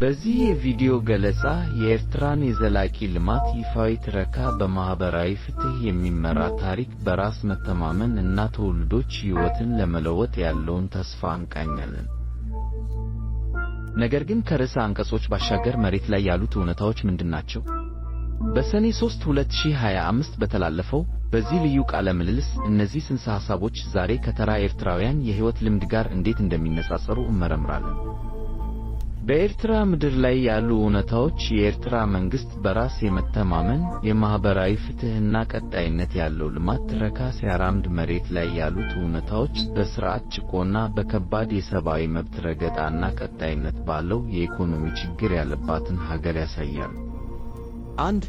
በዚህ የቪዲዮ ገለጻ የኤርትራን የዘላቂ ልማት ይፋዊ ትረካ በማኅበራዊ ፍትሕ የሚመራ ታሪክ፣ በራስ መተማመን እና ትውልዶች ሕይወትን ለመለወጥ ያለውን ተስፋ እንቃኛለን። ነገር ግን ከርዕሰ አንቀጾች ባሻገር መሬት ላይ ያሉት እውነታዎች ናቸው? በሰኔ 3 2025 በተላለፈው በዚህ ልዩ ቃለ ምልልስ እነዚህ ጽንሰ ሐሳቦች ዛሬ ከተራ ኤርትራውያን የሕይወት ልምድ ጋር እንዴት እንደሚነጻጸሩ እመረምራለን። በኤርትራ ምድር ላይ ያሉ እውነታዎች የኤርትራ መንግሥት በራስ የመተማመን የማኅበራዊ ፍትሕና ቀጣይነት ያለው ልማት ትረካ ሲያራምድ መሬት ላይ ያሉት እውነታዎች በሥርዓት ጭቆና በከባድ የሰብአዊ መብት ረገጣና ቀጣይነት ባለው የኢኮኖሚ ችግር ያለባትን ሀገር ያሳያሉ። አንድ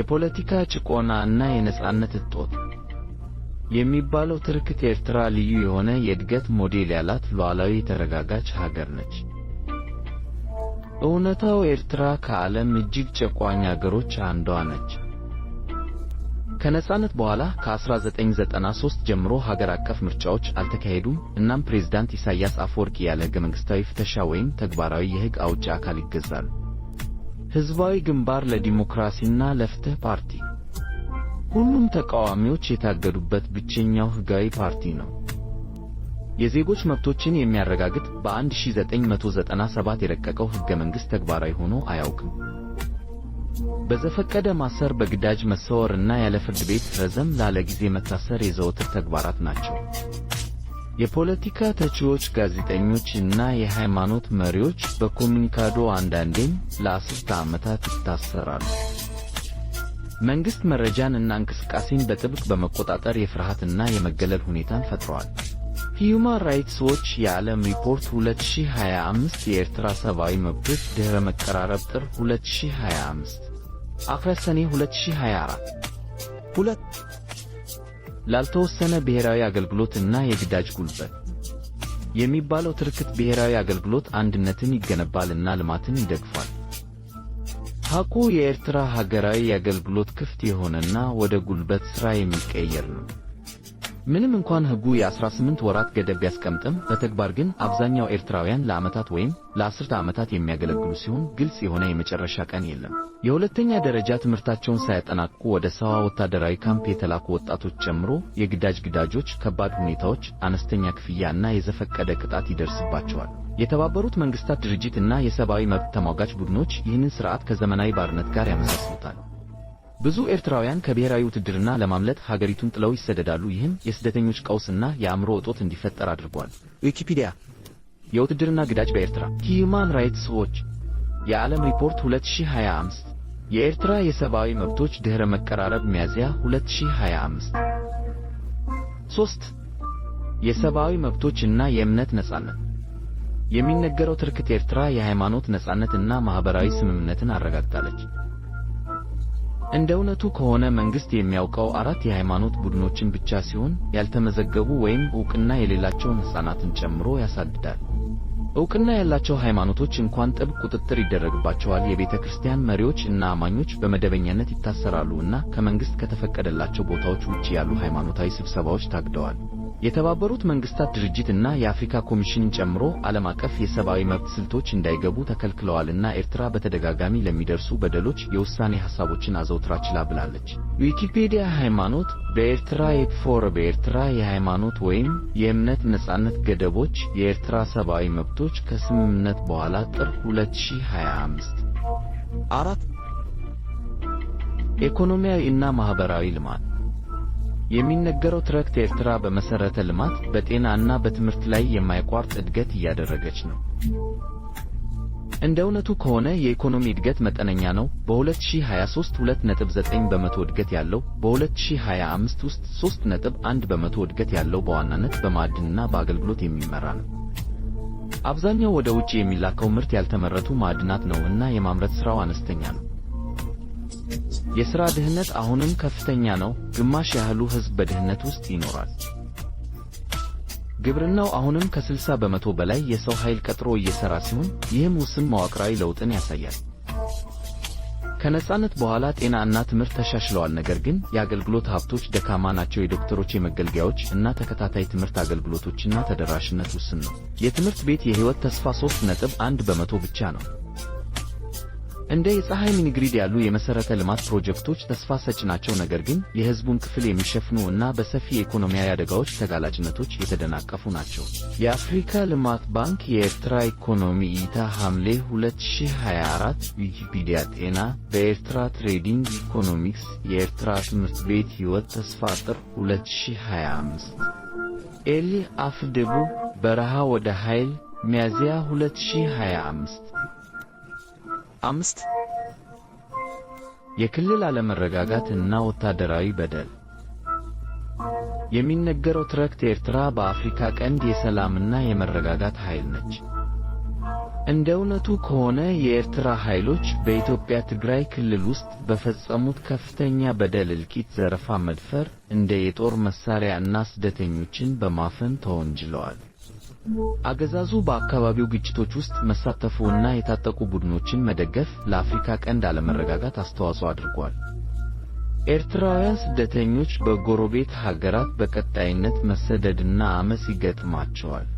የፖለቲካ ጭቆና እና የነጻነት እጦት የሚባለው ትርክት ኤርትራ ልዩ የሆነ የእድገት ሞዴል ያላት ሉዓላዊ የተረጋጋች ሀገር ነች። እውነታው ኤርትራ ከዓለም እጅግ ጨቋኝ አገሮች አንዷ ነች። ከነጻነት በኋላ ከ1993 ጀምሮ ሀገር አቀፍ ምርጫዎች አልተካሄዱም። እናም ፕሬዝዳንት ኢሳያስ አፈወርቂ ያለ ሕገ መንግሥታዊ ፍተሻ ወይም ተግባራዊ የሕግ አውጪ አካል ይገዛሉ። ሕዝባዊ ግንባር ለዲሞክራሲና ለፍትሕ ፓርቲ ሁሉም ተቃዋሚዎች የታገዱበት ብቸኛው ሕጋዊ ፓርቲ ነው። የዜጎች መብቶችን የሚያረጋግጥ በ1997 የረቀቀው ሕገ መንግሥት ተግባራዊ ሆኖ አያውቅም። በዘፈቀደ ማሰር፣ በግዳጅ መሰወር እና ያለ ፍርድ ቤት ረዘም ላለ ጊዜ መታሰር የዘወትር ተግባራት ናቸው። የፖለቲካ ተቺዎች፣ ጋዜጠኞች እና የሃይማኖት መሪዎች በኮሚኒካዶ አንዳንዴም ለአስርተ ዓመታት ይታሰራሉ። መንግሥት መረጃን እና እንቅስቃሴን በጥብቅ በመቆጣጠር የፍርሃትና የመገለል ሁኔታን ፈጥሯል። ሂዩማን ራይትስ ዎች የዓለም ሪፖርት 2025 የኤርትራ ሰብአዊ መብቶች ድኅረ መቀራረብ ጥር 2025 አፍረሰኔ 2024 ሁለት ላልተወሰነ ብሔራዊ አገልግሎት እና የግዳጅ ጉልበት የሚባለው ትርክት ብሔራዊ አገልግሎት አንድነትን ይገነባልና ልማትን ይደግፋል። ሐኮ የኤርትራ ሀገራዊ የአገልግሎት ክፍት የሆነና ወደ ጉልበት ሥራ የሚቀየር ነው። ምንም እንኳን ሕጉ የ18 ወራት ገደብ ቢያስቀምጥም በተግባር ግን አብዛኛው ኤርትራውያን ለዓመታት ወይም ለአስርተ ዓመታት የሚያገለግሉ ሲሆን ግልጽ የሆነ የመጨረሻ ቀን የለም። የሁለተኛ ደረጃ ትምህርታቸውን ሳያጠናቅቁ ወደ ሰዋ ወታደራዊ ካምፕ የተላኩ ወጣቶች ጨምሮ የግዳጅ ግዳጆች፣ ከባድ ሁኔታዎች፣ አነስተኛ ክፍያ እና የዘፈቀደ ቅጣት ይደርስባቸዋል። የተባበሩት መንግስታት ድርጅት እና የሰብአዊ መብት ተሟጋች ቡድኖች ይህንን ስርዓት ከዘመናዊ ባርነት ጋር ያመሳስሉታል። ብዙ ኤርትራውያን ከብሔራዊ ውትድርና ለማምለጥ ሀገሪቱን ጥለው ይሰደዳሉ። ይህም የስደተኞች ቀውስና የአእምሮ እጦት እንዲፈጠር አድርጓል። ዊኪፒዲያ የውትድርና ግዳጅ በኤርትራ ሂዩማን ራይትስ ዎች የዓለም ሪፖርት 2025 የኤርትራ የሰብአዊ መብቶች ድኅረ መቀራረብ ሚያዝያ 2025 ሶስት የሰብአዊ መብቶች እና የእምነት ነጻነት የሚነገረው ትርክት ኤርትራ የሃይማኖት ነጻነትና ማህበራዊ ስምምነትን አረጋግጣለች። እንደ እውነቱ ከሆነ መንግስት የሚያውቀው አራት የሃይማኖት ቡድኖችን ብቻ ሲሆን ያልተመዘገቡ ወይም ዕውቅና የሌላቸውን ሕፃናትን ጨምሮ ያሳድዳል። ዕውቅና ያላቸው ሃይማኖቶች እንኳን ጥብቅ ቁጥጥር ይደረግባቸዋል። የቤተ ክርስቲያን መሪዎች እና አማኞች በመደበኛነት ይታሰራሉ እና ከመንግስት ከተፈቀደላቸው ቦታዎች ውጭ ያሉ ሃይማኖታዊ ስብሰባዎች ታግደዋል። የተባበሩት መንግስታት ድርጅትና የአፍሪካ ኮሚሽን ጨምሮ ዓለም አቀፍ የሰብአዊ መብት ስልቶች እንዳይገቡ ተከልክለዋልና ኤርትራ በተደጋጋሚ ለሚደርሱ በደሎች የውሳኔ ሐሳቦችን አዘውትራ ችላ ብላለች። ዊኪፔዲያ ሃይማኖት በኤርትራ የክፎር በኤርትራ የሃይማኖት ወይም የእምነት ነጻነት ገደቦች የኤርትራ ሰብአዊ መብቶች ከስምምነት በኋላ ጥር 2025 አራት ኢኮኖሚያዊ እና ማኅበራዊ ልማት የሚነገረው ትረክት ኤርትራ በመሰረተ ልማት፣ በጤና እና በትምህርት ላይ የማይቋርጥ እድገት እያደረገች ነው። እንደ እውነቱ ከሆነ የኢኮኖሚ እድገት መጠነኛ ነው፤ በ2023 2.9 በመቶ እድገት ያለው፣ በ2025 ውስጥ 3.1 በመቶ እድገት ያለው በዋናነት በማዕድንና በአገልግሎት የሚመራ ነው። አብዛኛው ወደ ውጪ የሚላከው ምርት ያልተመረቱ ማዕድናት ነው እና የማምረት ስራው አነስተኛ ነው። የሥራ ድህነት አሁንም ከፍተኛ ነው። ግማሽ ያህሉ ሕዝብ በድህነት ውስጥ ይኖራል። ግብርናው አሁንም ከ60 በመቶ በላይ የሰው ኃይል ቀጥሮ እየሠራ ሲሆን ይህም ውስን መዋቅራዊ ለውጥን ያሳያል። ከነጻነት በኋላ ጤና እና ትምህርት ተሻሽለዋል፣ ነገር ግን የአገልግሎት ሀብቶች ደካማ ናቸው። የዶክተሮች የመገልገያዎች እና ተከታታይ ትምህርት አገልግሎቶችና ተደራሽነት ውስን ነው። የትምህርት ቤት የሕይወት ተስፋ 3 ነጥብ 1 በመቶ ብቻ ነው። እንደ የፀሐይ ሚኒግሪድ ያሉ የመሰረተ ልማት ፕሮጀክቶች ተስፋ ሰጭ ናቸው፣ ነገር ግን የህዝቡን ክፍል የሚሸፍኑ እና በሰፊ የኢኮኖሚያዊ አደጋዎች ተጋላጭነቶች የተደናቀፉ ናቸው። የአፍሪካ ልማት ባንክ የኤርትራ ኢኮኖሚ እይታ ሐምሌ 2024 ዊኪፒዲያ ጤና በኤርትራ ትሬዲንግ ኢኮኖሚክስ የኤርትራ ትምህርት ቤት ህይወት ተስፋ አጥር 2025 ኤሊ አፍ በረሃ ወደ ኃይል ሚያዝያ 2025 አምስት የክልል አለመረጋጋት እና ወታደራዊ በደል የሚነገረው ትረክት ኤርትራ በአፍሪካ ቀንድ የሰላምና የመረጋጋት ኃይል ነች። እንደ እውነቱ ከሆነ የኤርትራ ኃይሎች በኢትዮጵያ ትግራይ ክልል ውስጥ በፈጸሙት ከፍተኛ በደል፣ እልቂት፣ ዘረፋ፣ መድፈር፣ እንደ የጦር መሳሪያ እና ስደተኞችን በማፈን ተወንጅለዋል። አገዛዙ በአካባቢው ግጭቶች ውስጥ መሳተፉ እና የታጠቁ ቡድኖችን መደገፍ ለአፍሪካ ቀንድ አለመረጋጋት አስተዋጽኦ አድርጓል። ኤርትራውያን ስደተኞች በጎረቤት ሀገራት በቀጣይነት መሰደድና አመስ ይገጥማቸዋል።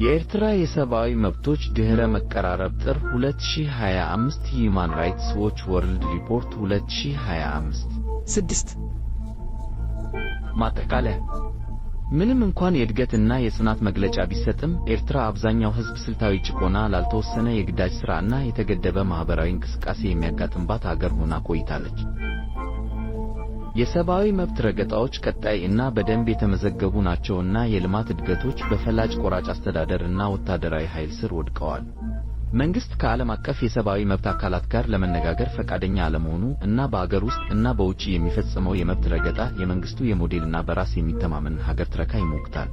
የኤርትራ የሰብአዊ መብቶች ድኅረ መቀራረብ ጥር 2025 ሂዩማን ራይትስ ዎች ወርልድ ሪፖርት 2025 6 ማጠቃለያ ምንም እንኳን የእድገትና የጽናት መግለጫ ቢሰጥም ኤርትራ አብዛኛው ሕዝብ ስልታዊ ጭቆና፣ ላልተወሰነ የግዳጅ ሥራና የተገደበ ማኅበራዊ እንቅስቃሴ የሚያጋጥምባት አገር ሆና ቆይታለች። የሰብአዊ መብት ረገጣዎች ቀጣይ እና በደንብ የተመዘገቡ ናቸውና የልማት እድገቶች በፈላጭ ቆራጭ አስተዳደር እና ወታደራዊ ኃይል ስር ወድቀዋል። መንግስት ከዓለም አቀፍ የሰብአዊ መብት አካላት ጋር ለመነጋገር ፈቃደኛ አለመሆኑ እና በአገር ውስጥ እና በውጭ የሚፈጽመው የመብት ረገጣ የመንግስቱ የሞዴልና በራስ የሚተማመን ሀገር ትረካ ይሞግታል።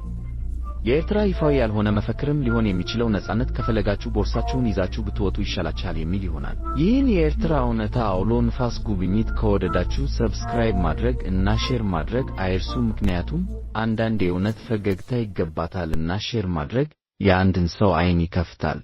የኤርትራ ይፋዊ ያልሆነ መፈክርም ሊሆን የሚችለው ነጻነት ከፈለጋችሁ ቦርሳችሁን ይዛችሁ ብትወጡ ይሻላችኋል የሚል ይሆናል። ይህን የኤርትራ እውነታ አውሎ ንፋስ ጉብኝት ከወደዳችሁ ሰብስክራይብ ማድረግ እና ሼር ማድረግ አይርሱ። ምክንያቱም አንዳንድ የእውነት ፈገግታ ይገባታል እና ሼር ማድረግ የአንድን ሰው ዓይን ይከፍታል።